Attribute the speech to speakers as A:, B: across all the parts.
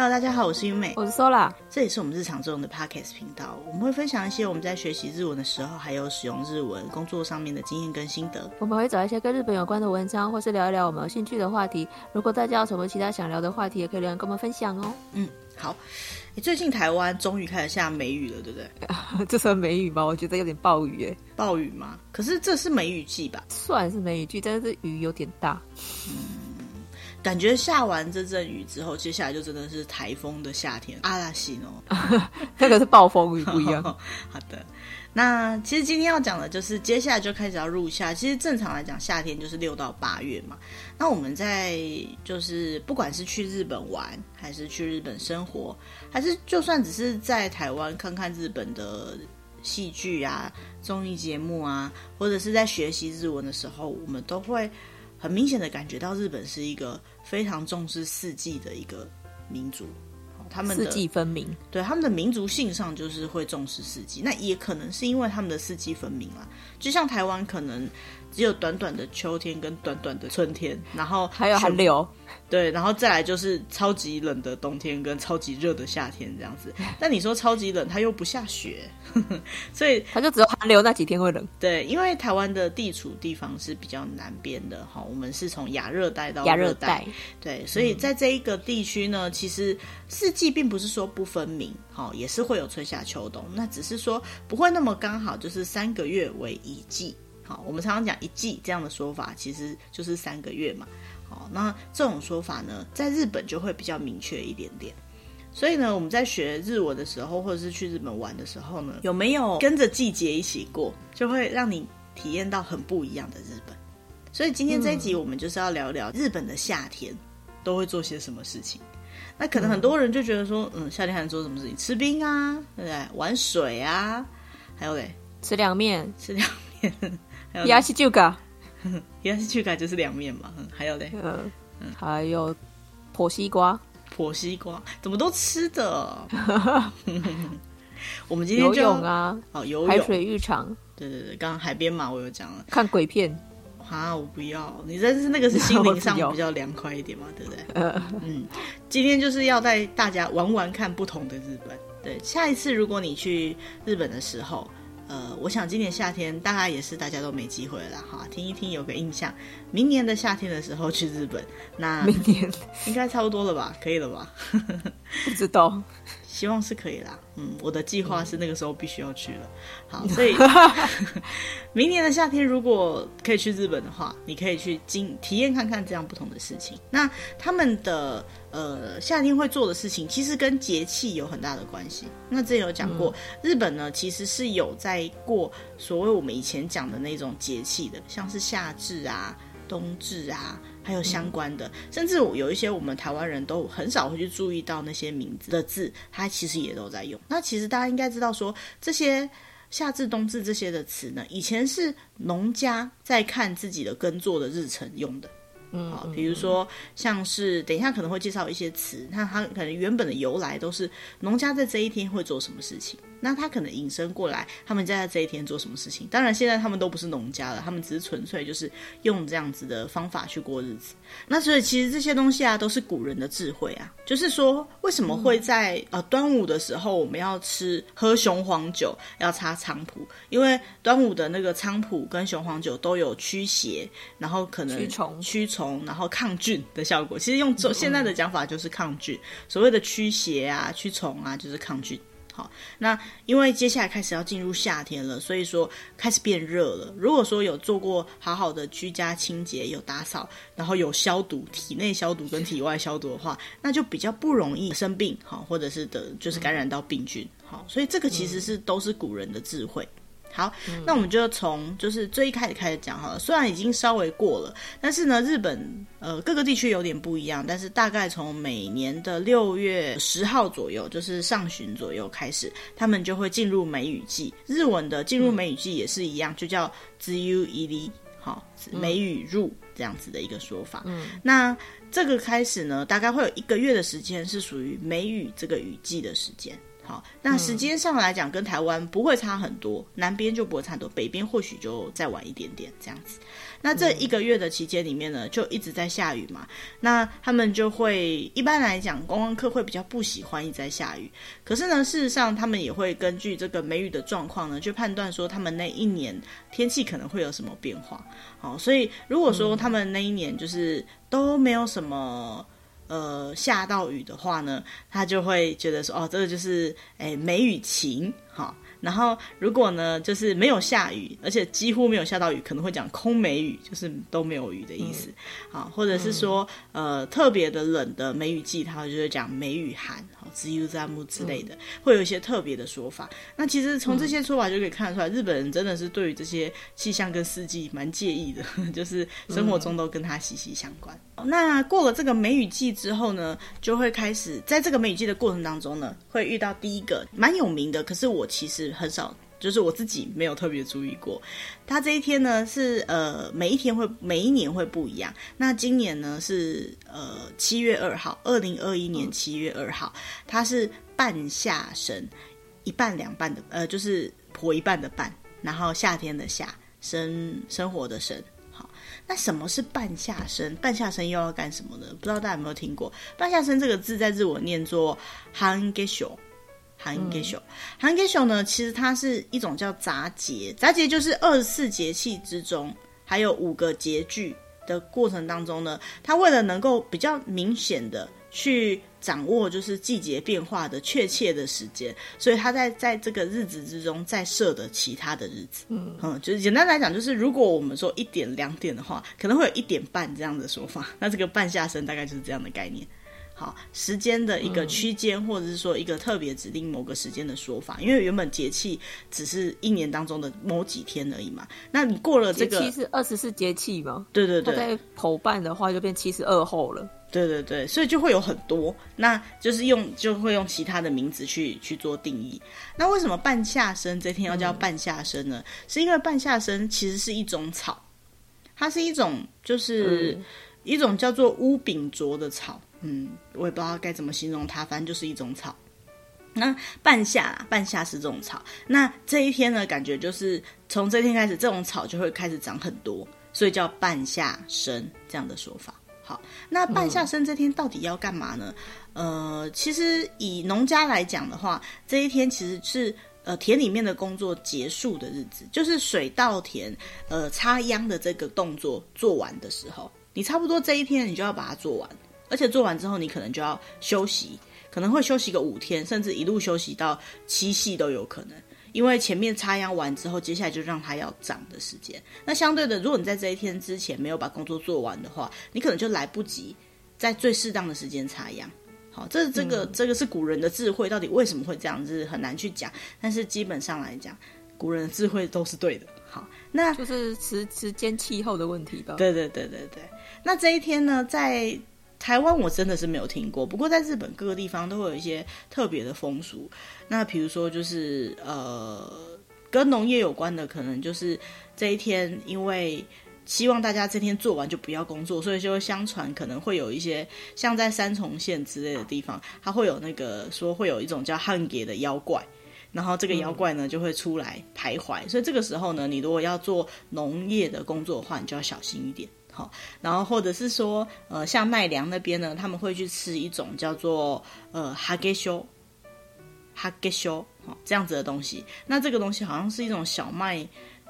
A: Hello，大家好，我是玉美，我是 Sola。這也是我們日常中的 Podcast 頻道。我們會分享一些我們在學習日文的時候，還有使用日文工作上面的經驗跟心得。
B: 我們會找一些跟日本有關的文章，或是聊一聊我們有興趣的話題。如果大家有什麼其他想
A: 聊的話題，也可以留言跟我們分享哦。嗯，好、欸。最近台灣終於開始下梅雨了，對不對？
B: 這算梅雨嗎？我覺得有點暴雨哎，
A: 暴雨嗎？可是
B: 這是梅雨季吧？算是梅雨季，但是雨有點大。嗯
A: 感覺下完這陣雨之後，接下來就真的是台風的夏天。嵐の， 那個是暴風雨，不一樣 好。好的，那其實今天要講的就是接下來就開始要入夏。其實正常來講，夏天就是六到八月嘛。那我們在就是不管是去日本玩，還是去日本生活，還是就算只是在台灣看看日本的戲劇啊、綜藝節目啊，或者是在學習日文的時候，我們都會。很明顯的感覺到，日本是一個非常重視四季的一個民族，他們的四季分明，對他們的民族性上就是會重視四季。那也可能是因為他們的四季分明啦。就像台灣可能。只有短短的秋天跟短短的春天，然後還有寒流，對，然後再來就是超級冷的冬天跟超級熱的夏天這樣子。但你說超級冷，它又不下雪，呵呵，所以它就只有寒流那幾天會冷。對，因為台灣的地處地方是比較南邊的，哈、哦，我們是從亞熱帶到熱帶，亞熱帶，對，所以在這一個地區呢，其實四季並不是說不分明，哈、哦，也是會有春夏秋冬，那只是說不會那麼剛好就是三個月為一季。好，我們常常講一季這樣的說法，其實就是三個月嘛。好，那這種說法呢，在日本就會比較明確一點點。所以呢，我們在學日文的時候，或者是去日本玩的時候呢，有沒有跟着季節一起過，就會讓你體驗到很不一樣的日本。所以今天這一集，我們就是要聊聊日本的夏天，嗯，都會做些什麼事情。那可能很多人就覺得說，嗯，夏天還能做什麼事情？吃冰啊，對不對？玩水啊，還有嘞，吃涼麵，吃涼麵。牙翅酒蓋，鴨翅 酒蓋就是涼面嘛。還有嘞，呃嗯、還有破西瓜，破西瓜怎麼都吃的。 我們今天游泳啊，哦、游泳，海水浴場。對對對，剛剛海邊嘛，我有講了。看鬼片啊，我不要。你真的是那個是心靈上比較涼快一點嘛，對不對？嗯、呃、嗯，今天就是要帶大家玩玩看不同的日本。對，下一次如果你去日本的時候。呃，我想今年夏天大概也是大家都沒機會了哈，好，聽一聽有個印象，明年的夏天的時候去日本，那明年應該差不多了吧，可以了吧？不知道，希望是可以啦。嗯，我的計劃是那個時候必須要去了。嗯、好，所以 明年的夏天如果可以去日本的話，你可以去經體驗看看這樣不同的事情。那他們的。呃，夏天會做的事情其實跟節氣有很大的關係。那之前有講過，嗯、日本呢其實是有在過所謂我們以前講的那種節氣的，像是夏至啊、冬至啊，還有相關的，嗯、甚至有一些我們台灣人都很少會去注意到那些名字的字，它其實也都在用。那其實大家應該知道說，說這些夏至、冬至這些的詞呢，以前是農家在看自己的耕作的日程用的。嗯，好，比如說像是等一下可能會介紹一些詞，那他可能原本的由來都是農家在這一天會做什麼事情，那他可能引申過來，他們家在這一天做什麼事情？當然，現在他們都不是農家了，他們只是純粹就是用這樣子的方法去過日子。那所以其實這些東西啊，都是古人的智慧啊。就是說，為什麼會在、嗯、呃端午的時候我們要吃喝雄黃酒，要插菖蒲？因為端午的那個菖蒲跟雄黃酒都有驅邪，然後可能驅蟲，驅蟲。蟲，然後抗菌的效果，其實用現在的講法就是抗菌。嗯、所謂的驅邪啊、驅蟲啊，就是抗菌。好，那因為接下來開始要進入夏天了，所以說開始變熱了。如果說有做過好好的居家清潔、有打掃，然後有消毒，體內消毒跟體外消毒的話，嗯、那就比較不容易生病，哈，或者是的就是感染到病菌，好，所以這個其實是都是古人的智慧。嗯好，嗯、那我們就從就是最一開始開始講好了。雖然已經稍微過了，但是呢，日本呃各個地區有點不一樣，但是大概從每年的六月十號左右，就是上旬左右開始，他們就會進入梅雨季。日文的進入梅雨季也是一樣，嗯、就叫 tsuyuiri 好，梅雨入這樣子的一個說法。嗯，那這個開始呢，大概會有一個月的時間是屬於梅雨這個雨季的時間。好，那時間上來講，跟台灣不會差很多，嗯、南邊就不會差很多，北邊或許就再晚一點點這樣子。那這一個月的期間裡面呢，就一直在下雨嘛。那他們就會一般來講，觀光客會比較不喜歡一直在下雨。可是呢，事實上他們也會根據這個梅雨的狀況呢，去判斷說他們那一年天氣可能會有什麼變化。好，所以如果說他們那一年就是都沒有什麼。呃，下到雨的話呢，他就會覺得說，哦，這個就是，誒，梅雨晴，哈、哦。然後，如果呢，就是沒有下雨，而且幾乎沒有下到雨，可能會講空梅雨，就是都沒有雨的意思，嗯、好，或者是說，嗯、呃，特別的冷的梅雨季，它會就會講梅雨寒，好，子悠贊木之類的，嗯、會有一些特別的說法。嗯、那其實從這些說法就可以看得出來，嗯、日本人真的是對於這些氣象跟四季蠻介意的，就是生活中都跟它息息相關。嗯、那過了這個梅雨季之後呢，就會開始在這個梅雨季的過程當中呢，會遇到第一個蠻有名的，可是我其實。很少，就是我自己沒有特別注意過。他這一天呢是呃，每一天會，每一年會不一樣。那今年呢是呃七月二號，二零二一年七月二號，他是半夏生，一半兩半的，呃，就是婆一半的半，然後夏天的夏，生生活的生。好，那什麼是半夏生？半夏生又要幹什麼呢？不知道大家有沒有聽過“半夏生”這個字，在日文我念作 han gesho。半夏生，半夏生呢？其實它是一種叫雜節，雜節就是二十四節氣之中還有五個節句的過程當中呢，它為了能夠比較明顯的去掌握就是季節變化的確切的時間，所以它在在這個日子之中再設的其他的日子，嗯，嗯，就是簡單來講，就是如果我們說一點兩點的話，可能會有一點半這樣的說法，那這個半夏生大概就是這樣的概念。好，時間的一個區間，嗯、或者是說一個特別指定某個時間的說法，因為原本節氣只是一年當中的某幾天而已嘛。那你過了這個，其實
B: 二十四節氣嗎？對對對，
A: 頭半的話就變七十二候了。對對對，所以就會有很多，那就是用就會用其他的名字去去做定義。那為什麼半夏生這天要叫半夏生呢？嗯、是因為半夏生其實是一種草，它是一種就是、嗯、一種叫做烏柄杓的草。嗯，我也不知道該怎麼形容它，反正就是一種草。那半夏，半夏是這種草。那這一天呢，感覺就是從這一天開始，這種草就會開始長很多，所以叫半夏生這樣的說法。好，那半夏生這天到底要幹嘛呢？嗯、呃，其實以農家來講的話，這一天其實是呃田裡面的工作結束的日子，就是水稻田呃插秧的這個動作做完的時候，你差不多這一天你就要把它做完。而且做完之後，你可能就要休息，可能會休息個五天，甚至一路休息到七夕都有可能。因為前面插秧完之後，接下來就讓它要長的時間。那相對的，如果你在這一天之前沒有把工作做完的話，你可能就來不及在最適當的時間插秧。好，這是這個、嗯、這個是古人的智慧，到底為什麼會這樣子、就是、很難去講。但是基本上來講，古人的智慧都是對的。好，那就是時時間氣候的問題吧。對對對對對。那這一天呢，在台灣我真的是沒有聽過，不過在日本各個地方都會有一些特別的風俗。那比如說就是呃，跟農業有關的，可能就是這一天，因為希望大家這天做完就不要工作，所以就相傳可能會有一些像在三重縣之類的地方，它會有那個說會有一種叫漢鬼的妖怪，然後這個妖怪呢就會出來徘徊，嗯、所以這個時候呢，你如果要做農業的工作的話，你就要小心一點。然後，或者是說，呃，像奈良那邊呢，他們會去吃一種叫做呃哈給修哈給修，好這樣子的東西。那這個東西好像是一種小麥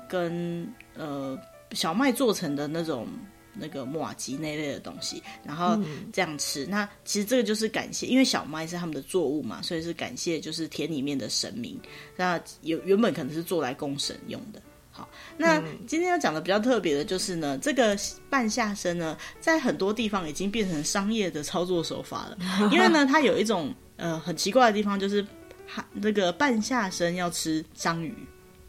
A: 跟呃小麥做成的那種那個麻糬那類的東西，然後這樣吃。嗯、那其實這個就是感謝，因為小麥是他們的作物嘛，所以是感謝就是田裡面的神明。那有原本可能是做來供神用的。那今天要講的比較特別的就是呢，嗯、這個半夏生呢，在很多地方已經變成商業的操作手法了。嗯、因為呢，它有一種呃很奇怪的地方，就是那、這個半夏生要吃章魚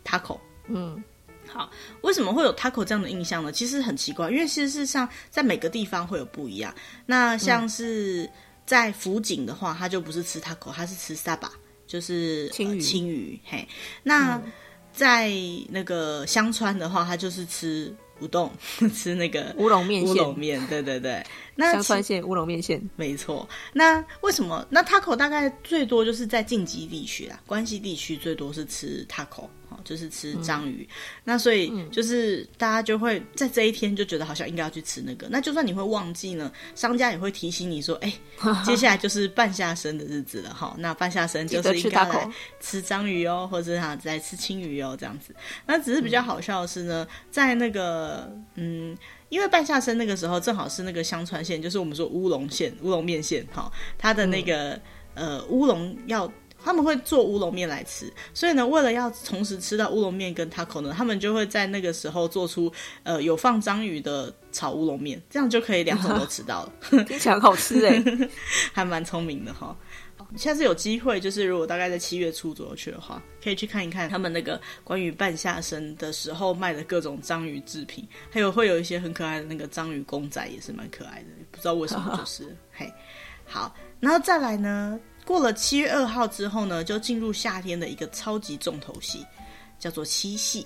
A: taco。嗯，好，為什麼會有 taco 這樣的印象呢？嗯、其實很奇怪，因為其實是像在每個地方會有不一樣。那像是在福井的話，它就不是吃 taco，它是吃 saba 就是青魚、呃。青魚，嘿，那。嗯在那個香川的話，他就是吃烏冬，吃那個烏龍麵、烏龍麵，對對對，那香川縣烏龍麵線，沒錯。那為什麼？那塔口大概最多就是在近畿地區啦，關西地區最多是吃塔口。就是吃章魚，嗯、那所以就是大家就會在這一天就覺得好像應該要去吃那個。嗯、那就算你會忘記呢，商家也會提醒你說，哎、欸，哈哈接下來就是半夏生的日子了哈。那半夏生就是應該來吃章魚哦，或者啊來吃青魚哦這樣子。那只是比較好笑的是呢，在那個嗯，嗯，因為半夏生那個時候正好是那個香川縣，就是我們說烏龍縣烏龍麵線哈，它的那個、嗯、呃烏龍要。他們會做烏龍麵來吃，所以呢，為了要同時吃到烏龍麵跟塔可呢，他們就會在那個時候做出呃有放章魚的炒烏龍麵，這樣就可以兩種都吃到了。聽起來好吃哎、欸， 還蠻聰明的哈。下次有機會，就是如果大概在七月初左右去的話，可以去看一看他們那個關於半夏生的時候賣的各種章魚製品，還有會有一些很可愛的那個章魚公仔，也是蠻可愛的。不知道為什麼就是 嘿，好，然後再來呢。過了七月二號之後呢，就進入夏天的一個超級重頭戲，叫做七夕，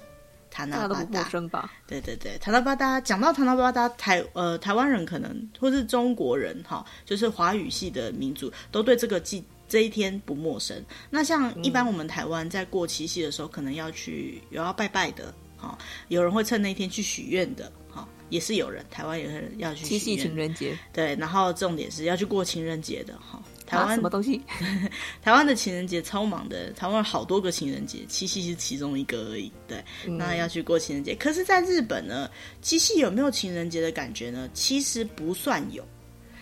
A: 塔納巴達。不陌生吧？對對對，塔納巴達，講到塔納巴達，台呃台灣人可能或是中國人哈、哦，就是華語系的民族，都對這個季這一天不陌生。那像一般我們台灣在過七夕的時候，可能要去有要拜拜的哈、哦，有人會趁那一天去許願的哈、哦，也是有人台灣有人要去。七夕情人節。對，然後重點是要去過情人節的哈。哦台灣什麼東西？台灣的情人節超忙的，台灣有好多個情人節，七夕是其中一個而已。對，嗯、那要去過情人節。可是，在日本呢，七夕有沒有情人節的感覺呢？其實不算有，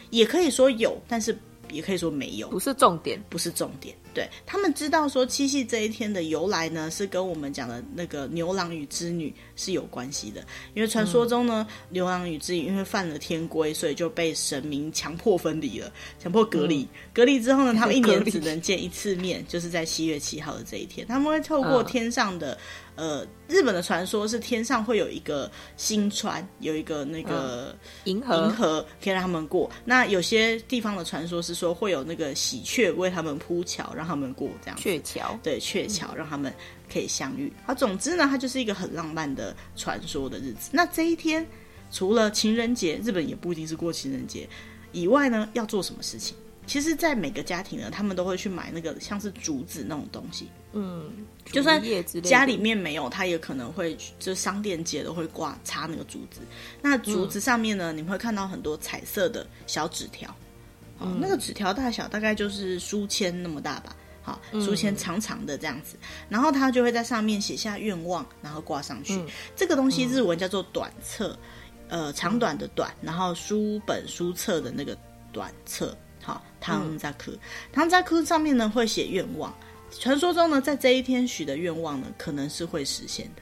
A: 也可以說有，但是也可以說沒有。不是重點，不是重點。對，他們知道說七夕這一天的由來呢，是跟我們講的那個牛郎與織女是有關係的。因為傳說中呢，嗯、牛郎與織女因為犯了天規，所以就被神明強迫分離了，強迫隔離。嗯、隔離之後呢，他們一年只能見一次面，離就是在七月七號的這一天。他們會透過天上的。嗯呃，日本的傳說是天上會有一個星川，有一個那個銀河銀河可以讓他們過。那有些地方的傳說是說會有那個喜鵲為他們鋪橋，讓他們過這樣。鵲橋橋對，鵲橋讓他們可以相遇。好，總之呢，它就是一個很浪漫的傳說的日子。那這一天除了情人節，日本也不一定是過情人節以外呢，要做什麼事情？其實，在每個家庭呢，他們都會去買那個像是竹子那種東西。嗯，就算家裡面沒有，他也可能會，就商店街都會掛插那個竹子。那竹子上面呢，嗯、你們會看到很多彩色的小紙條。哦，嗯、那個紙條大小大概就是書籤那麼大吧？好，嗯、書籤長長的這樣子。然後他就會在上面寫下願望，然後掛上去。嗯、這個東西日文叫做短冊，呃，長短的短，嗯、然後書本書冊的那個短冊。好，湯扎庫，湯扎庫上面呢，會寫願望，傳說中呢，在這一天許的願望呢，可能是會實現的，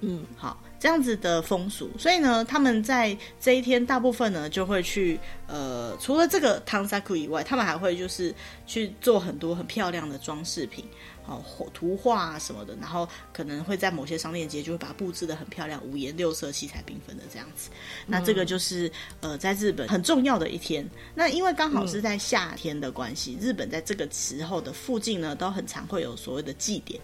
A: 嗯，好，這樣子的風俗，所以呢他們在這一天大部分呢就會去，呃，除了這個湯扎庫以外，他們還會就是去做很多很漂亮的裝飾品。哦，圖畫啊什麼的，然後可能會在某些商店街就會把它布置得很漂亮，五顏六色、七彩繽紛的這樣子。
B: 那這個就
A: 是、嗯、呃，在日本很重要的一天。那因為剛好是在夏天的關係，嗯、日本在這個時候的附近呢，都很常會有所謂的祭典。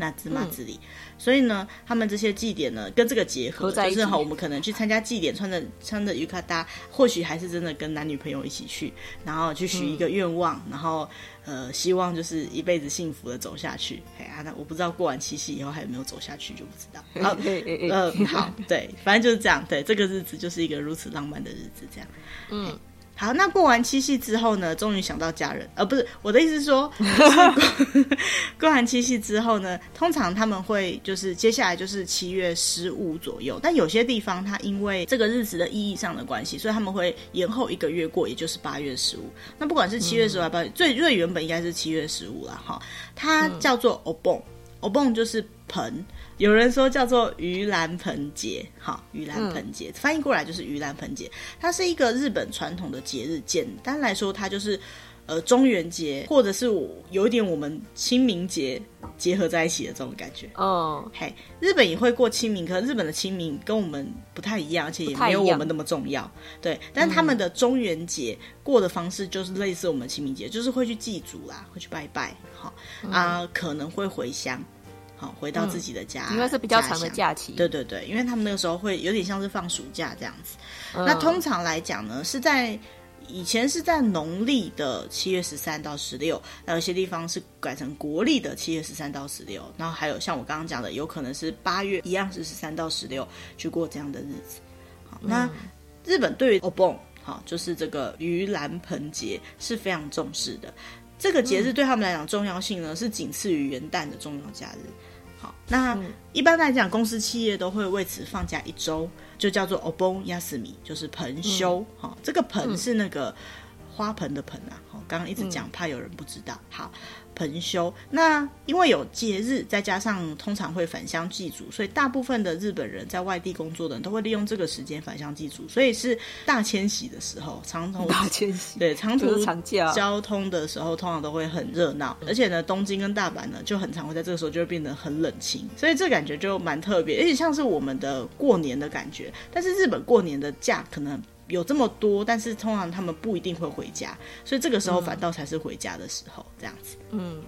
A: 那芝麻子理，嗯、所以呢，他們這些祭典呢，跟這個結合，合就是好我們可能去參加祭典，穿着穿着 Yukata，或許還是真的跟男女朋友一起去，然後去許一個願望，嗯、然後呃，希望就是一輩子幸福的走下去。嘿，啊，那我不知道過完七夕以後還有沒有走下去，就不知道。好，嗯，好，對，反正就是這樣，對，這個日子就是一個如此浪漫的日子，這樣，嗯。好，那過完七夕之後呢？終於想到家人，呃，不是，我的意思是說 過，過完七夕之後呢，通常他們會就是接下來就是七月十五左右，但有些地方它因為這個日子的意義上的關係，所以他們會延後一個月過，也就是八月十五。那不管是七月十五還是八月，嗯、最最原本應該是七月十五了哈。它叫做 Obon，Obon 就是盆。有人說叫做盂蘭盆節，好，盂蘭盆節、嗯、翻譯過來就是盂蘭盆節，它是一個日本傳統的節日。簡單來說，它就是呃中元節，或者是我有點我們清明節結合在一起的這種感覺。哦，嘿，日本也會過清明，可是日本的清明跟我們不太一樣，而且也沒有我們那麼重要。對，但他們的中元節過的方式就是類似我們清明節，嗯、就是會去祭祖啦，會去拜拜，好啊，嗯、可能會回鄉。好，回到自己的家，嗯，因為是比較長的假期。對對對，因為他們那個時候會有點像是放暑假這樣子。嗯、那通常來講呢，是在以前是在農曆的七月十三到十六，那有些地方是改成國曆的七月十三到十六。然後還有像我剛剛講的，有可能是八月一樣是十三到十六去過這樣的日子。好、嗯，那日本對於 Obon，好，就是這個盂蘭盆節是非常重視的。這個節日對他們來講重要性呢，嗯、是僅次於元旦的重要假日。好，那一般來講，公司企業都會為此放假一周，就叫做 Obon Yasumi 就是盆休。哈、嗯，這個盆是那個花盆的盆啊。哈，剛剛一直講，嗯、怕有人不知道。好。盆休。那，因為有節日，再加上通常會返鄉祭祖，所以大部分的日本人在外地工作的人都會利用這個時間返鄉祭祖，所以是大遷徙的時候，長途大遷徙對長途交通的時候通常都會很熱鬧，而且呢，東京跟大阪呢就很常會在這個時候就會變得很冷清，所以這感覺就蠻特別，而且像是我們的過年的感覺，但是日本過年的假可能。有這麼多，但是通常他們不一定會回家，所以這個時候反倒才是回家的時候，嗯、這樣子。嗯，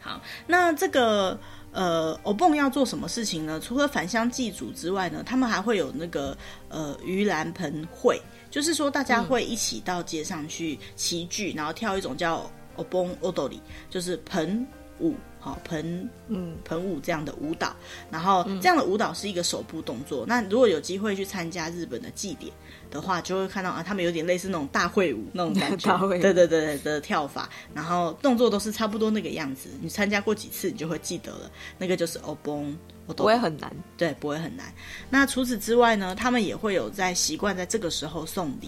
A: 好，那這個呃，歐蹦要做什麼事情呢？除了返鄉祭祖之外呢，他們還會有那個呃，盂蘭盆會，就是說大家會一起到街上去齊聚，嗯、然後跳一種叫歐蹦歐斗里，就是盆舞。哦，盆嗯，盆舞這樣的舞蹈，嗯、然後這樣的舞蹈是一個手部動作。嗯、那如果有機會去參加日本的祭典的話，就會看到啊，他們有點類似那種大會舞那種感覺， 大會舞對，對對對的跳法，然後動作都是差不多那個樣子。你參加過幾次，你就會記得了，那個就是 Obon, 不會很難，對，不會很難。那除此之外呢，他們也會有在習慣在這個時候送禮。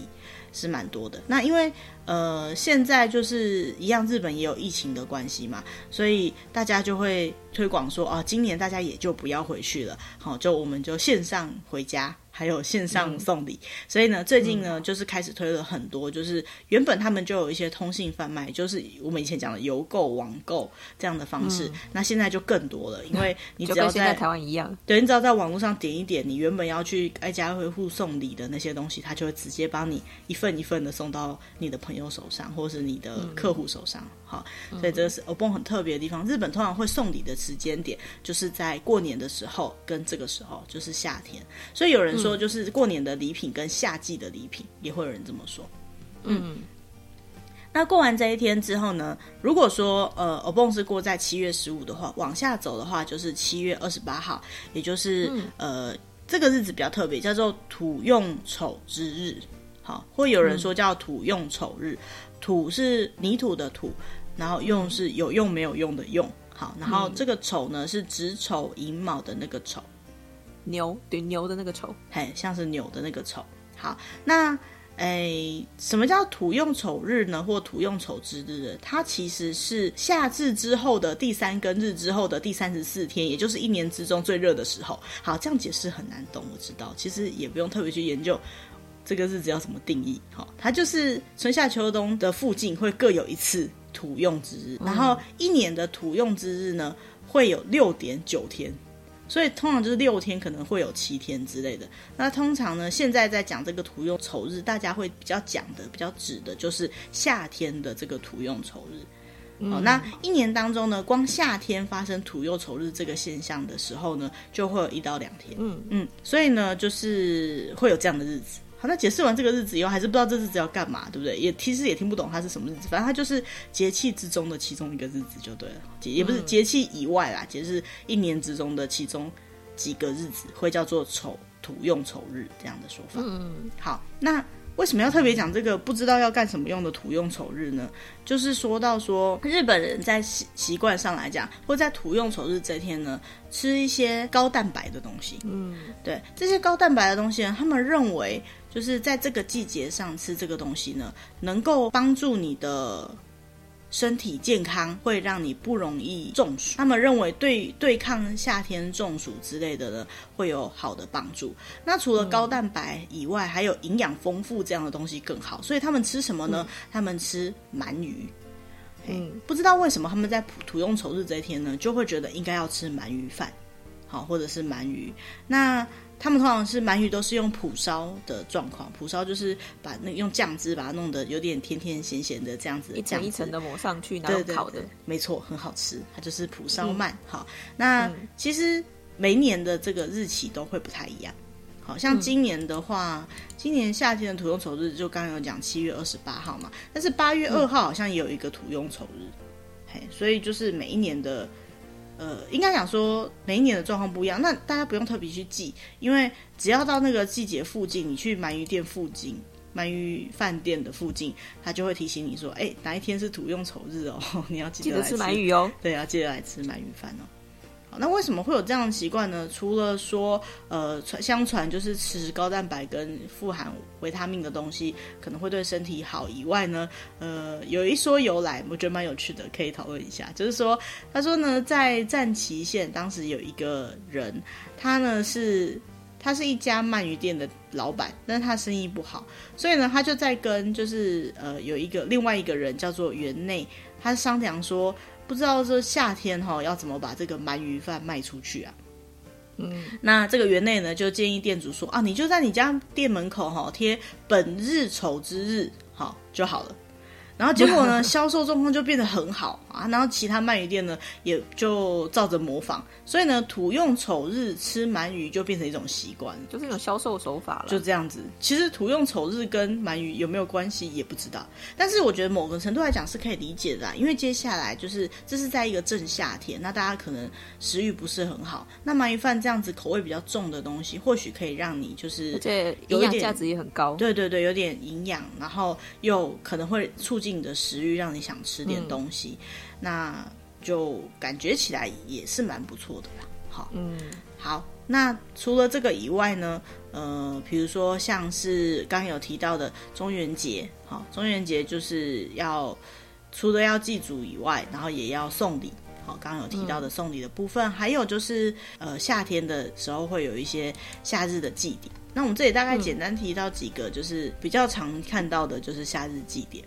A: 是蠻多的，那因為呃現在就是一樣，日本也有疫情的關係嘛，所以大家就會推廣說啊，今年大家也就不要回去了，好，就我們就線上回家。還有線上送禮，嗯、所以呢，最近呢就是開始推了很多，嗯、就是原本他們就有一些通信販賣，就是我們以前講的郵購、網購這樣的方式，嗯、那現在就更多了，因為你只要在、嗯、在台灣一樣，對，你只要在網絡上點一點，你原本要去挨家挨戶送禮的那些東西，他就會直接幫你一份一份的送到你的朋友手上，或者是你的客戶手上。嗯好，所以這個是 Obon 很特別的地方。日本通常會送禮的時間點，就是在過年的時候跟這個時候，就是夏天。所以有人說，就是過年的禮品跟夏季的禮品，也會有人這麼說。嗯，嗯，那過完這一天之後呢？如果說呃 Obon 是過在七月十五的話，往下走的話就是七月二十八號，也就是、嗯、呃這個日子比較特別，叫做土用丑之日。好，會有人說叫土用丑日，土是泥土的土。然後用是有用沒有用的用好，然後這個丑呢是子丑寅卯的那個丑，牛對牛的那個丑，嘿，像是牛的那個丑。好，那誒，什麼叫土用丑日呢？或土用丑之日呢？它其實是夏至之後的第三庚日之後的第三十四天，也就是一年之中最熱的時候。好，這樣解釋很難懂，我知道，其實也不用特別去研究這個日子要怎麼定義。好，它就是春夏秋冬的附近會各有一次。土用之日，然後一年的土用之日呢，會有六點九天，所以通常就是六天，可能會有七天之類的。那通常呢，現在在講這個土用丑日，大家會比較講的、比較指的就是夏天的這個土用丑日。好、嗯哦，那一年當中呢，光夏天發生土用丑日這個現象的時候呢，就會有一到兩天。嗯嗯，所以呢，就是會有這樣的日子。好，那解釋完這個日子以後，還是不知道這日子要幹嘛，對不對？也其實也聽不懂它是什麼日子，反正它就是節氣之中的其中一個日子就對了，也不是節氣以外啦，節是一年之中的其中幾個日子會叫做丑土用丑日這樣的說法。嗯，好，那為什麼要特別講這個不知道要幹什麼用的土用丑日呢？就是說到說日本人在習習慣上來講，會在土用丑日這天呢吃一些高蛋白的東西。嗯，對，這些高蛋白的東西呢，他們認為。就是在這個季節上吃這個東西呢，能夠幫助你的身體健康，會讓你不容易中暑。他們認為對對抗夏天中暑之類的呢，會有好的幫助。那除了高蛋白以外，嗯、還有營養豐富這樣的東西更好。所以他們吃什麼呢？嗯、他們吃鰻魚。欸、嗯，不知道為什麼他們在土用丑日這一天呢，就會覺得應該要吃鰻魚飯，好，或者是鰻魚。那。他們通常是鰻魚都是用蒲燒的狀況，蒲燒就是把那個用醬汁把它弄得有點甜甜鹹鹹的這樣子，一層一層的抹上去，然後烤的，對對對沒錯，很好吃，它就是蒲燒鰻。嗯、好，那、嗯、其實每年的這個日期都會不太一樣，好像今年的話，今年夏天的土用丑日就剛剛有講七月二十八號嘛，但是八月二號好像也有一個土用丑日，嗯、嘿，所以就是每一年的，呃，應該講說每一年的狀況不一樣，那大家不用特別去記，因為只要到那個季節附近，你去鰻魚店附近、鰻魚飯店的附近，他就會提醒你說，哎、欸，哪一天是土用丑日哦，你要記得來吃鰻魚哦。對啊，要記得來吃鰻魚飯哦。那為什麼會有這樣的習慣呢？除了說，呃，傳相傳就是吃高蛋白跟富含維他命的東西可能會對身體好以外呢，呃，有一說由來，我覺得蠻有趣的，可以討論一下。就是說，他說呢，在戰旗縣當時有一個人，他呢是他是一家鰻魚店的老闆，但是他生意不好，所以呢，他就在跟就是呃有一個另外一個人叫做源內，他商量說。不知道說夏天哈、哦、要怎麼把這個鰻魚飯賣出去啊？嗯，那這個源內呢就建議店主說啊，你就在你家店門口哈、哦、貼本日丑之日好就好了。然後結果呢，銷 售狀況就變得很好啊。然後其他鰻魚店呢，也就照着模仿。所以呢，土用丑日吃鰻魚就變成一種習慣，就是一種銷售手法了。就這樣子。其實土用丑日跟鰻魚有沒有關係也不知道，但是我覺得某個程度來講是可以理解的啊。因為接下來就是這是在一個正夏天，那大家可能食欲不是很好。那鰻魚飯這樣子口味比較重的東西，或許可以讓你就是這，營養價值也很高。對對對，有點營養，然後又可能會促進。定的食慾，讓你想吃點東西，嗯、那就感覺起來也是蠻不錯的吧。好，嗯，好。那除了這個以外呢，呃，比如說像是剛有提到的中元節，好、哦，中元節就是要除了要祭祖以外，然後也要送禮，好、哦，剛有提到的送禮的部分，嗯、還有就是呃夏天的時候會有一些夏日的祭典。那我們這裡大概簡單提到幾個，嗯、就是比較常看到的，就是夏日祭典。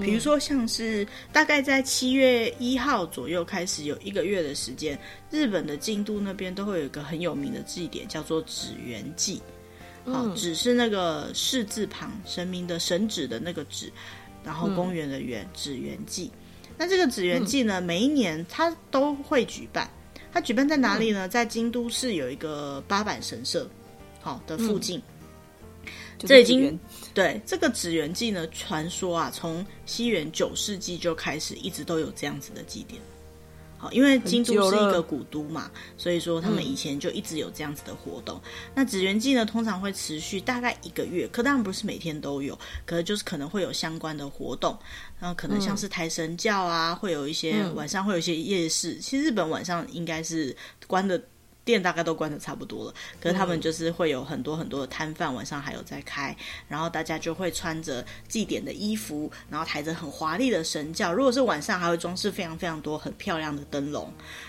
A: 比如說，像是大概在七月一號左右開始有一個月的時間，日本的京都那邊都會有一個很有名的祭典，叫做祇園祭。
B: 嗯、哦，祇
A: 是那個示字旁，神明的神祇的那個祇，然後公園的園，祇園、嗯、祭。那這個祇園祭呢，嗯、每一年它都會舉辦，它舉辦在哪裡呢？嗯、在京都市有一個八坂神社，好、哦、的附近。嗯這已經對這個祇園祭呢，傳說啊，從西元九世紀就開始，一直都有這樣子的祭典。好，因為京都是一個古都嘛，所以說他們以前就一直有這樣子的活動。嗯、那祇園祭呢，通常會持續大概一個月，可當然不是每天都有，可能就是可能會有相關的活動，然後可能像是抬神轎啊，會有一些、嗯、晚上會有一些夜市。其實日本晚上應該是關的。店大概都關得差不多了，可是他們就是會有很多很多的攤販、嗯、晚上還有在開，然後大家就會穿着祭典的衣服，然後抬着很華麗的神轎。如果是晚上還會裝飾非常非常多很漂亮的燈籠，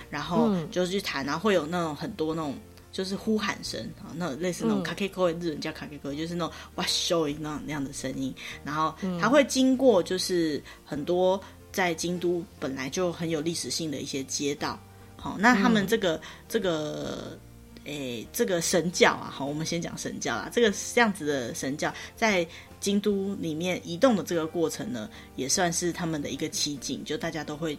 A: 然後就是去抬，然後會有那種很多那種就是呼喊聲啊，那類似那種卡奇哥，日文叫卡奇哥，就是那種哇咻那種那樣的聲音，然後他會經過就是很多在京都本來就很有歷史性的一些街道。好，那他們這個、嗯、這個，誒、欸，這個神轎啊，好，我們先講神轎啊，這個這樣子的神轎在京都裡面移動的這個過程呢，也算是他們的一個奇景，就大家都會。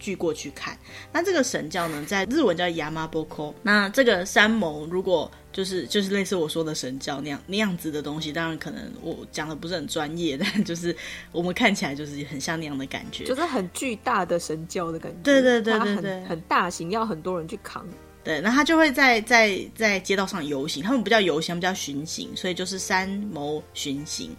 A: 聚過去看，那這個神轎呢，在日文叫 Yamaboko。那這個山鉾，如果就是就是類似我說的神轎那樣那樣子的東西，當然可能我講的不是很專業，但就是我們看起來就是很像那樣的感覺，就是
B: 很巨大的神轎的感覺。對對對對，對，對它很，很大型，要很多人去扛。
A: 對，那他就會在在在街道上遊行，他們不叫遊行，他們叫巡行，所以就是山鉾巡行。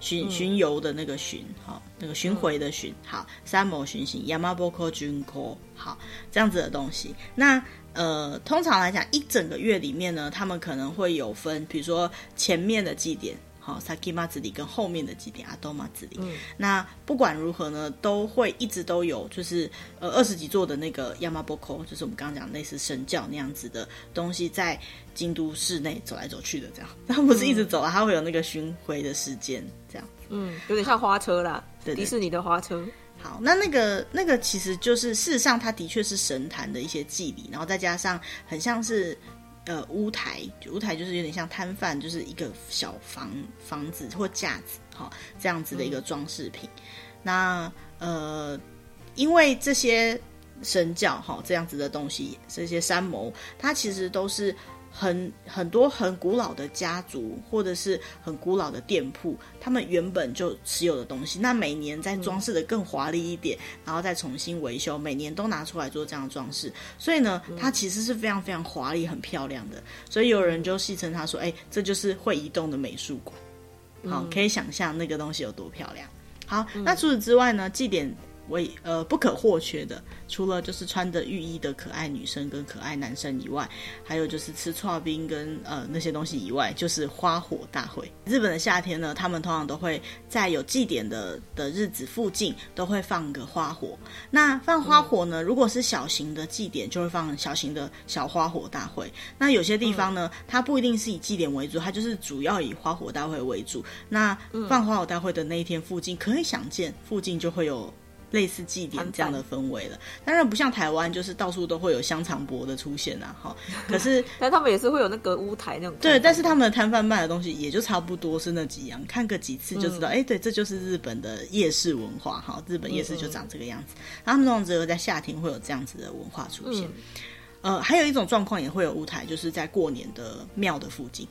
A: 巡巡遊的那個巡，嗯、好，那個巡迴的巡，嗯、好，山鉾巡行，yamaboko junko 好，這樣子的東西。那呃，通常來講，一整個月裡面呢，他們可能會有分，比如說前面的祭典。好，SAKI 馬子里跟後面的幾點阿多馬子里，嗯，那不管如何呢，都會一直都有，就是呃二十幾座的那個 YAMABOKO，就是我們剛剛講類似神轎那樣子的東西，在京都市內走來走去的這樣。它不是一直走啊，嗯、它會有那個巡迴的時間，這樣，嗯，有點像花車啦，對對對，迪士尼的花車。好，那那個那個其實就是事實上，它的確是神壇的一些祭禮，然後再加上很像是。呃，屋台屋台就是有點像攤販，就是一個小房房子或架子哈、哦，這樣子的一個裝飾品。嗯、那呃，因為這些神教哈、哦，這樣子的東西，這些山謀，它其實都是。很很多很古老的家族或者是很古老的店鋪，他們原本就持有的東西，那每年再裝飾得更華麗一點，嗯、然後再重新維修，每年都拿出來做這樣的裝飾，所以呢，嗯、它其實是非常非常華麗、很漂亮的。所以有人就戲稱他說：“哎、嗯欸，這就是會移動的美術館。”
B: 好，嗯、可以
A: 想象那個東西有多漂亮。好，那除此之外呢？祭典。為呃不可或缺的，除了就是穿着浴衣的可愛女生跟可愛男生以外，還有就是吃剉冰跟呃那些東西以外，就是花火大會。日本的夏天呢，他們通常都會在有祭典的的日子附近都會放個花火。那放花火呢，嗯、如果是小型的祭典，就會放小型的小花火大會。那有些地方呢，嗯、它不一定是以祭典為主，它就是主要以花火大會為主。那放花火大會的那一天附近，可以想見附近就會有。類似祭典這樣的氛圍了，泰當然不像台灣，就是到處都會有香腸博的出現啊哈。可是， 但他們也是會有那個屋台那種。對，但是他們的攤販賣的東西也就差不多是那幾樣，看個幾次就知道，哎、嗯欸，對，這就是日本的夜市文化，哈，日本夜市就長這個樣子。他們這種只有在夏天會有這樣子的文化出現。嗯、呃，還有一種狀況也會有屋台，就是在過年的廟的附近，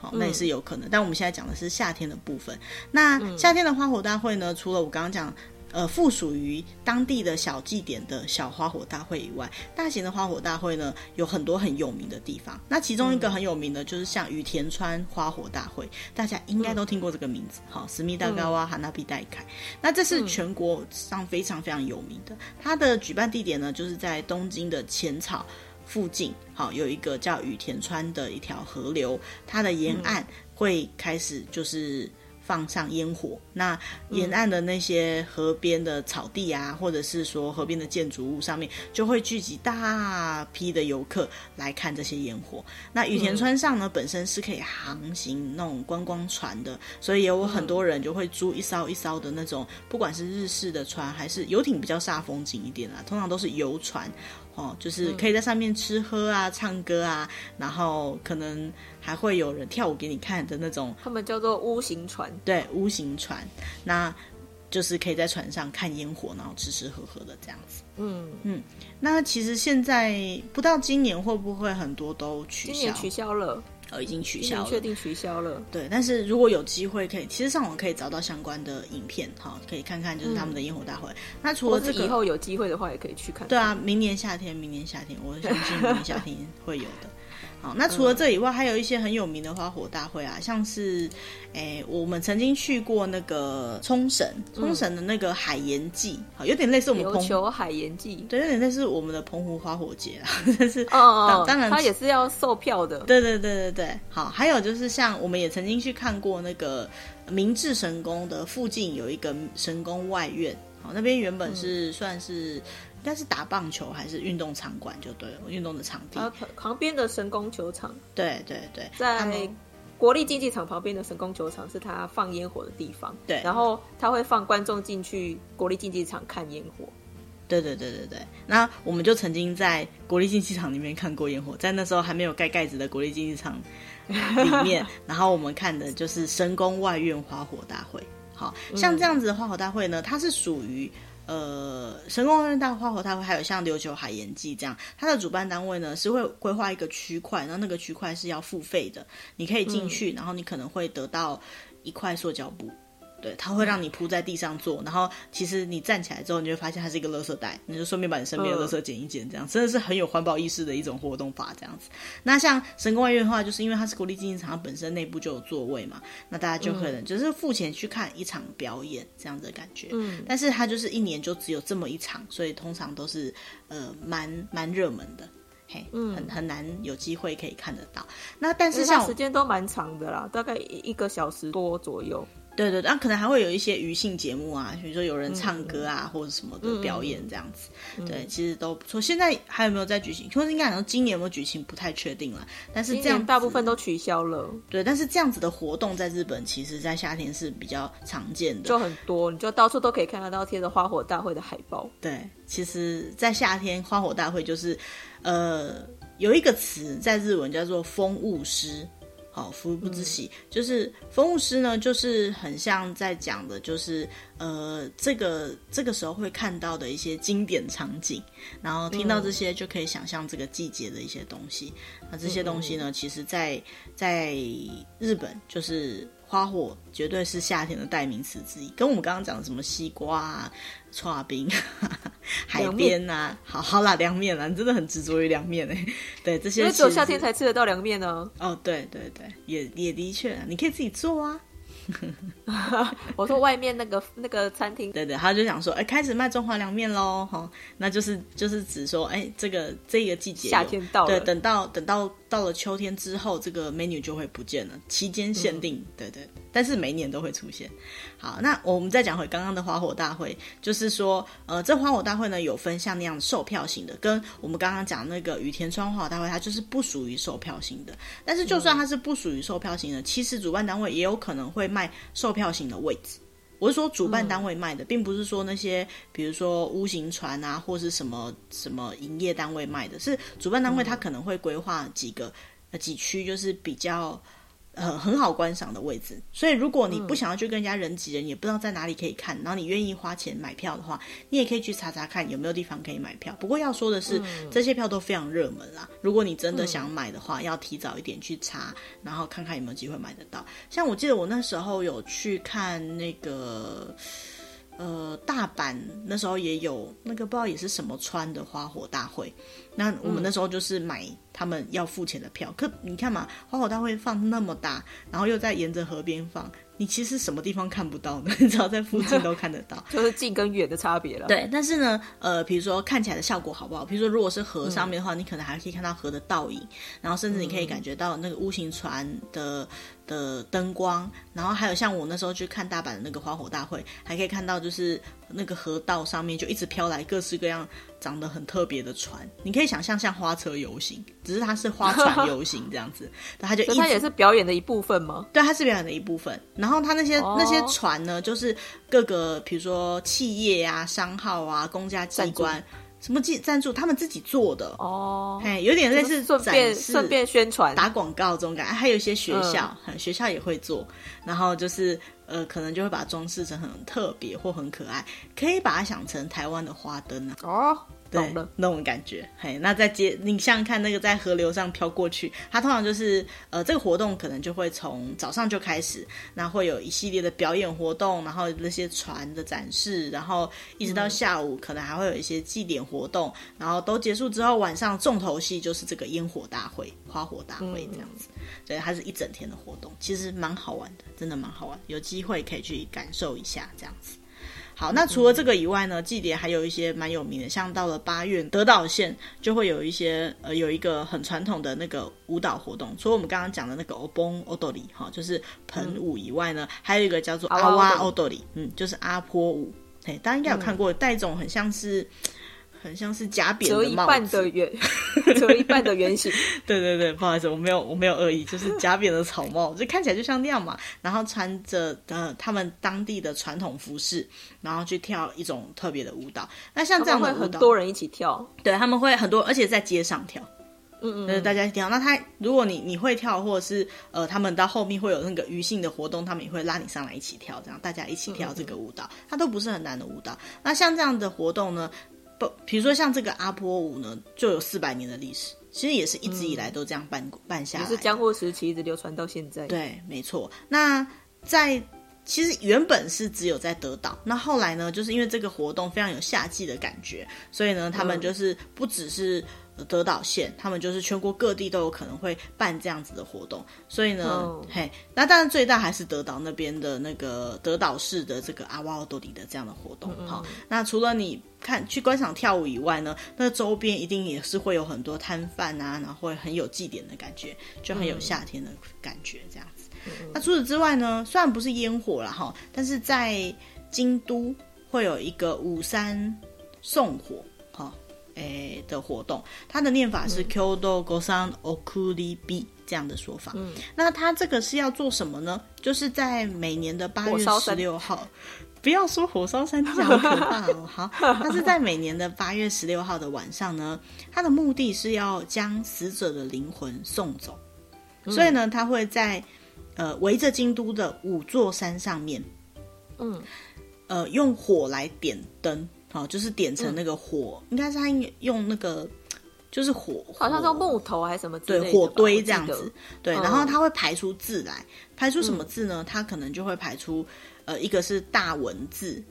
B: 好，那也是
A: 有可能。嗯、但我們現在講的是夏天的部分。那、嗯、夏天的花火大會呢，除了我剛剛講。呃，附屬於當地的小祭典的小花火大會以外，大型的花火大會呢，有很多很有名的地方。那其中一個很有名的就是像隅田川花火大會，大家應該都聽過這個名字。好、嗯，史密大高啊，哈那比代凱，那這是全國上非常非常有名的。它的舉辦地點呢就是在東京的淺草附近，好、哦、有一個叫隅田川的一條河流，它的沿岸會開始就是。放上煙火，那沿岸的那些河邊的草地啊，嗯、或者是說河邊的建築物上面，就會聚集大批的遊客來看這些煙火。那隅田川上呢，嗯、本身是可以航行那種觀光船的，所以有很多人就會租一艘一艘的那種，嗯、不管是日式的船還是遊艇，比較煞風景一點啊，通常都是遊船。哦，就是可以在上面吃喝啊、嗯、唱歌啊，然後可能還會有人跳舞給你看的那種。他們叫做屋形船。對，屋形船，那就是可以在船上看煙火，然後吃吃喝喝的這樣子。嗯嗯，那其實現在不知道今年會不會很多都取消？今年取消了。呃，已經取消已經確定取消了。對，但是如果有機會，可以其實上網可以找到相關的影片，哈，可以看看就是他們的煙火大會。嗯，那除了這個，以後有機會的話，也可以去看看。對啊，明年夏天，明年夏天，我相信明年夏天會有的。 好，那除了這以外，嗯、還有一些很有名的花火大會啊，像是，誒、欸，我們曾經去過那個沖繩，沖繩的那個海鹽祭，嗯、好，有點類似我們琉球海鹽祭，對，有點類似我們的澎湖花火節啊，但
B: 是當、哦哦、當然，它也
A: 是要售票的，對對對對對。好，還有就是像我們也曾經去看過那個明治神宮的附近有一個神宮外苑，好，那邊原本是算是。嗯但是打棒球還是運動場館？就對了，運動的場地。啊、
B: 旁邊的神宮球場。對對對，在國立競技場旁邊的神宮球場是它放煙火的地方。對，然後他會放觀眾進去國立競技場
A: 看煙火。對對對對對。那我們就曾經在國立競技場裡面看過煙火，在那時候還沒有蓋蓋子的國立競技場裡面， 然後我們看的就是神宮外苑花火大會。好，像這樣子的花火大會呢，它是屬於。呃，神工大花火，它還有像琉球海炎祭這樣，它的主辦單位呢是會規劃一個區塊，然後那個區塊是要付費的，你可以進去，嗯、然後你可能會得到一塊塑膠布。對，它會讓你鋪在地上坐，嗯、然後其實你站起來之後，你就會發現它是一個垃圾袋，你就順便把你身邊的垃圾撿一撿，這樣、嗯、真的是很有環保意識的一種活動法。這樣子，那像神宮外苑的話，就是因為它是國立競技場，它本身內部就有座位嘛，那大家就可能就是付錢去看一場表演這樣子的感覺。嗯，但是它就是一年就只有這麼一場，所以通常都是呃蠻蠻，蠻熱門的，嘿，很很難有機會可以看得到。那但是像時間都蠻長的啦，大概一個小時多左右。對，對對，那、啊、可能還會有一些餘興節目啊,比如說有人唱歌啊，嗯、或者什麼的表演這樣子。嗯、對，其實都不錯。現在還有沒有在舉行？就是應該好像今年有沒有舉行不太確定了。但是這樣大部分都取消了。對，但是這樣子的活動在日本其實，在夏天是比較常見的，就很多，你
B: 就到處都可以看得到貼着花火大會
A: 的海報。對，其實，在夏天花火大會就是，呃，有一個詞在日文叫做“風物詩”。好，福不知喜，嗯、就是風物詩呢，就是很像在講的，就是呃，這個這個時候會看到的一些經典場景，然後聽到這些就可以想象這個季節的一些東西。嗯、
B: 那這些東西
A: 呢，其實在在日本就是。花火絕對是夏天的代名詞之一，跟我們剛剛講的什麼西瓜啊、剉冰、啊、海邊啊，木好好辣涼麵啦，你真的很執着於涼麵哎。對，這些只有夏天才
B: 吃得到涼麵哦。
A: 哦，對對對，也也的確、啊，你可以自己做啊。
B: 我說外面那個那個餐廳，
A: 對，對對，他就想說，哎、欸，開始賣中華涼麵嘍，哈，那就是就是指說，哎、欸，這個、這個、這個季節夏天到了，對，等到等到。到了秋天之後，這個 menu 就會不見了。期間限定，嗯、對對，但是每年都會出現。好，那我們再講回剛剛的花火大會，就是說，呃，這花火大會呢有，分像那樣售票型的，跟我們剛剛講那個隅田川花火大會，它就是不屬於售票型的。但是就算它是不屬於售票型的，嗯、其實主辦單位也有可能會賣售票型的位置。我是說主辦單位賣的，嗯、並不是說那些，比如說屋形船啊，或是什麼什麼營業單位賣的，是主辦單位他可能會規劃幾個，呃、嗯，幾區就是比較。呃，很好觀賞的位置。所以如果你不想要去跟人家人擠人，嗯，也不知道在哪裡可以看，然後你願意花錢買票的話，你也可以去查查看有沒有地方可以買票。不過要說的是，嗯，這些票都非常熱門啦。如果你真的想買的話，要提早一點去查，然後看看有沒有機會買得到。像我記得我那時候有去看那個，呃，大阪那時候也有那個不知道也是什麼川的花火大會。那我們那時候就是買他們要付錢的票，嗯、可你看嘛，花火大會放那麼大，然後又在沿着河邊放，你其實什麼地方看不到呢？只 要在附近都看得到，
B: 就是近跟遠的差別了。對，
A: 但是呢，呃，比如說看起來的效果好不好？比如說如果是河上面的話，嗯、你可能還可以看到河的倒影，然後甚至你可以感覺到那個屋形船的。的燈光，然後還有像我那時候去看大阪的那個花火大會，還可以看到就是那個河道上面就一直飄來各式各樣長得很特別的船，你可以想象像花車遊行，只是它是花船遊行這樣子，它 就它也是表演的一部分嗎？對，它是表演的一部分。然後它那些、哦、那些船呢，就是各個譬如說企業啊、商號啊、公家機關。什麼記贊助？他們自己做的哦，哎，有點類似做展示、順便，順便宣傳、打廣告這種感覺。還有一些學校，嗯、學校也會做，然後就是呃，可能就會把它裝飾成很特別或很可愛，可以把它想成台灣的花燈呢、啊。哦。對，那種感覺，嘿，那在街，你像看，那個在河流上飄過去，它通常就是，呃，這個活動可能就會從早上就開始，那會有一系列的表演活動，然後那些船的展示，然後一直到下午，可能還會有一些祭典活動，嗯、然後都結束之後，晚上重頭戲就是這個煙火大會、花火大會這樣子，嗯、對，它是一整天的活動，其實蠻好玩的，真的蠻好玩，有機會可以去感受一下這樣子。好，那除了這個以外呢，祭典還有一些蠻有名的，像到了八月德島縣就會有一些呃，有一個很傳統的那個舞蹈活動，除了我們剛剛講的那個歐崩歐多里哈，就是盆舞以外呢，還有一個叫做阿哇歐多里，嗯，就是阿波舞，嘿，大家應該有看過，帶種很像是。嗯很像是夾扁的帽子，一半的圓，折一半的圓形。 對對對，不好意思，我沒有我沒有惡意，就是夾扁的草帽，就看起來就像那樣嘛。然後穿着呃他們當地的傳統服飾，然後去跳一種特別的舞蹈。那像這樣的舞蹈，他們會很多人一起跳。對，他們會很多，而且在街上跳，嗯，嗯嗯，是大家一起跳。那他如果你你會跳，或者是呃他們到後面會有那個餘興的活動，他們也會拉你上來一起跳，這樣大家一起跳這個舞蹈，它、嗯嗯、都不是很難的舞蹈。那像這樣的活動呢？不，比如說像這個阿波舞呢，就有四百年的歷史，其實也是一直以來都這樣辦、嗯、辦下來，是江戶時期一直流傳到現在。對，沒錯。那在其實原本是只有在德島，那後來呢，就是因為這個活動非常有夏季的感覺，所以呢，他們就是不只是。德島縣，他們就是全國各地都有可能會辦這樣子的活動，所以呢，oh. 嘿，那當然最大還是德島那邊的那個德島市的這個阿瓦奧多里的這樣的活動哈、oh.。那除了你看去觀賞跳舞以外呢，那周邊一定也是會有很多攤販啊，然後會很有祭典的感覺，就很有夏天的感覺這樣子。Oh. 那除此之外呢，雖然不是煙火啦哈，但是在京都會有一個五山送火。誒的活動，他的念法是 Kyoto Gozan Okuribi 這樣的說法。嗯，那他這個是要做什麼呢？就是在每年的八月十六號，不要說火燒山，這樣很棒哦。 好，他是在每年的八月十六號的晚上呢。 他的目的是要將死者的靈魂送走，嗯、所以呢，他會在呃圍着京都的五座山上面，嗯，呃，用火來點燈。哦，就是點成那個火。嗯、應該是他用那個，就是火，火好像用木頭還是什麼？對，火堆這樣子。哦這個、對，然後他會排出字來，嗯、排出什麼字呢？他可能就會排出，呃，一個是大文字，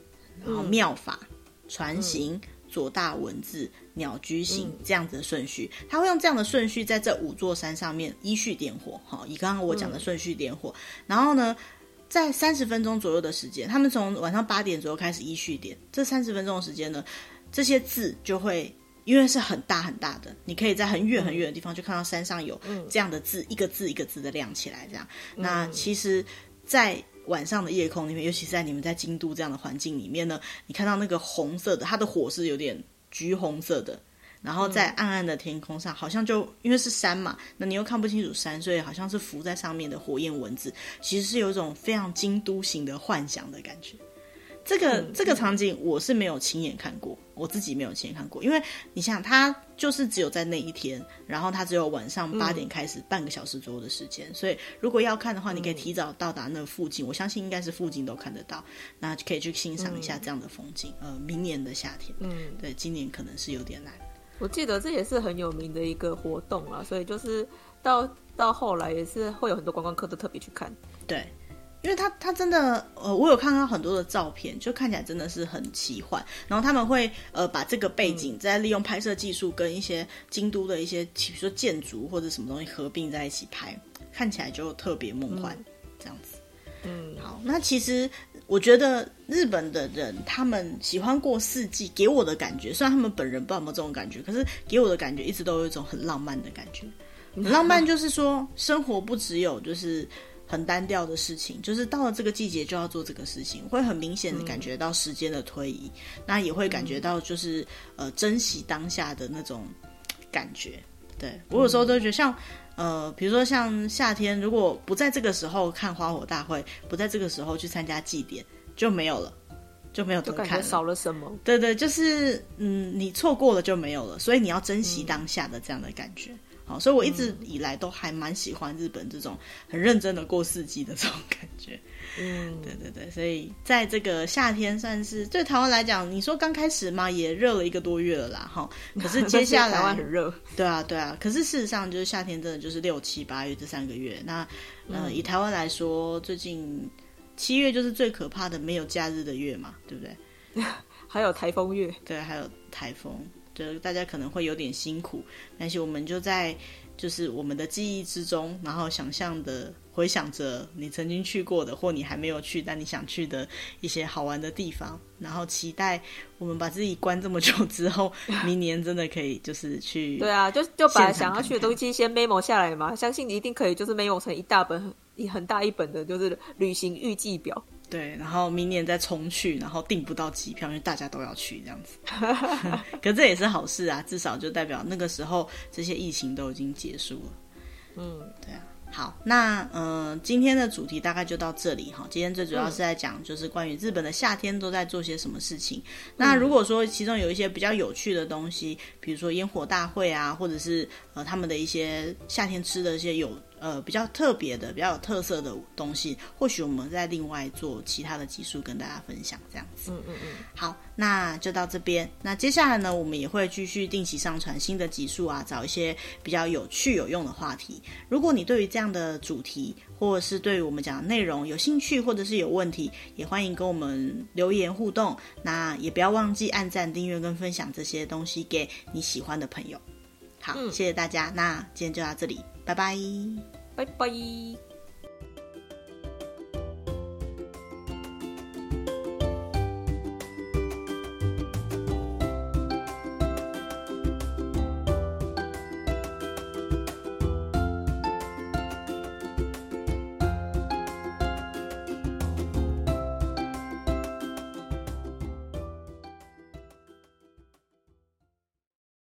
B: 然後妙
A: 法、船形、左大文字、鳥居形、嗯、這樣子的順序。他會用這樣的順序在這五座山上面依序點火，好，以剛剛我講的順序點火，然後呢？在三十分鐘左右的時間，他們從晚上八點左右開始依序點。這三十分鐘的時間呢，這些字就會因為是很大很大的，你可以在很遠很遠的地方就看到山上有這樣的字，嗯、一個字一個字的亮起來。這樣，那其實，在晚上的夜空裡面，尤其是在你們在京都這樣的環境裡面呢，你看到那個紅色的，它的火是有點橘紅色的。然後在暗暗的天空上，好像就因為是山嘛，那你又看不清楚山，所以好像是浮在上面的火焰文字，其實是有一種非常京都型的幻想的感覺。這個這個場景我是沒有親眼看過，我自己沒有親眼看過，因為你想，它就是只有在那一天，然後它只有晚上八點開始半個小時左右的時間，嗯、所以如果要看的話，你可以提早到達那個附近，我相信應該是附近都看得到，那可以去欣賞一下這樣的風景。嗯、呃，明年的夏天，嗯，對，今年可能是有點難。
B: 我記得這也是很有名的一個活動啊，所以
A: 就是到到後來也是會有很多觀光客都特別去看。對，因為他他真的呃，我有看到很多的照片，就看起來真的是很奇幻。然後他們會呃把這個背景、嗯、再利用拍攝技術跟一些京都的一些比如說建築或者什麼東西合併在一起拍，看起來就特別夢幻、嗯、這樣子。嗯，好，那其實。我覺得日本的人，他們喜歡過四季，給我的感覺，雖然他們本人不知道有沒有這種感覺，可是給我的感覺一直都有一種很浪漫的感覺。很浪漫就是說，生活不只有就是很單調的事情，就是到了這個季節就要做這個事情，會很明顯的感覺到時間的推移，嗯、那也會感覺到就是呃珍惜當下的那種感覺。對，我有時候都覺得像。呃，比如說像夏天，如果不在這個時候看花火大會，不在這個時候去參加祭典，就沒有了，就沒有得看，感覺少了什麼？對對，就是嗯，你錯過了就沒有了，所以你要珍惜當下的這樣的感覺。嗯、好，所以我一直以來都還蠻喜歡日本這種很認真的過四季的這種感覺。嗯，對對對，所以在這個夏天，算是對台灣來講，你說剛開始嘛，也熱了一個多月了啦，哈、哦。可是接下來，台灣很熱。對啊，對啊。可是事實上，就是夏天真的就是六七八月這三個月。那，嗯、呃，以台灣來說，最近七月就是最可怕的沒有假日的月嘛，對不對？還有台風月。對，還有台風，就是大家可能會有點辛苦，但是我們就在。就是我們的記憶之中，然後想象的回想着你曾經去過的，或你還沒有去但你想去的一些好玩的地方，然後期待我們把自己關這麼久之後，明年真的可以就是去看
B: 看。對啊，就就把想要去的東西先沒 e 下來嘛，相信你一定可以，就是沒 e 成一大本，很大一本的，就是旅行
A: 預計表。對，然後明年再衝去，然後訂不到機票，因為大家都要去這樣子。 可這也是好事啊，至少就代表那個時候這些疫情都已經結束了。嗯，對啊。好，那嗯、呃，今天的主題大概就到這裡哈。今天最主要是在講就是關於日本的夏天都在做些什麼事情。嗯、那如果說其中有一些比較有趣的東西，比如說煙火大會啊，或者是。他們的一些夏天吃的一些有呃比較特別的、比較有特色的東西，或許我們再另外做其他的集數跟大家分享這樣子。嗯嗯嗯。好，那就到這邊。那接下來呢，我們也會繼續定期上傳新的集數啊，找一些比較有趣、有用的話題。如果你對於這樣的主題，或者是對於我們講的內容有興趣，或者是有問題，也歡迎跟我們留言互動。那也不要忘記按讚、訂閱跟分享這些東西給你喜歡的朋友。好，嗯、謝謝大家，那今天就到這裡，拜拜，拜拜。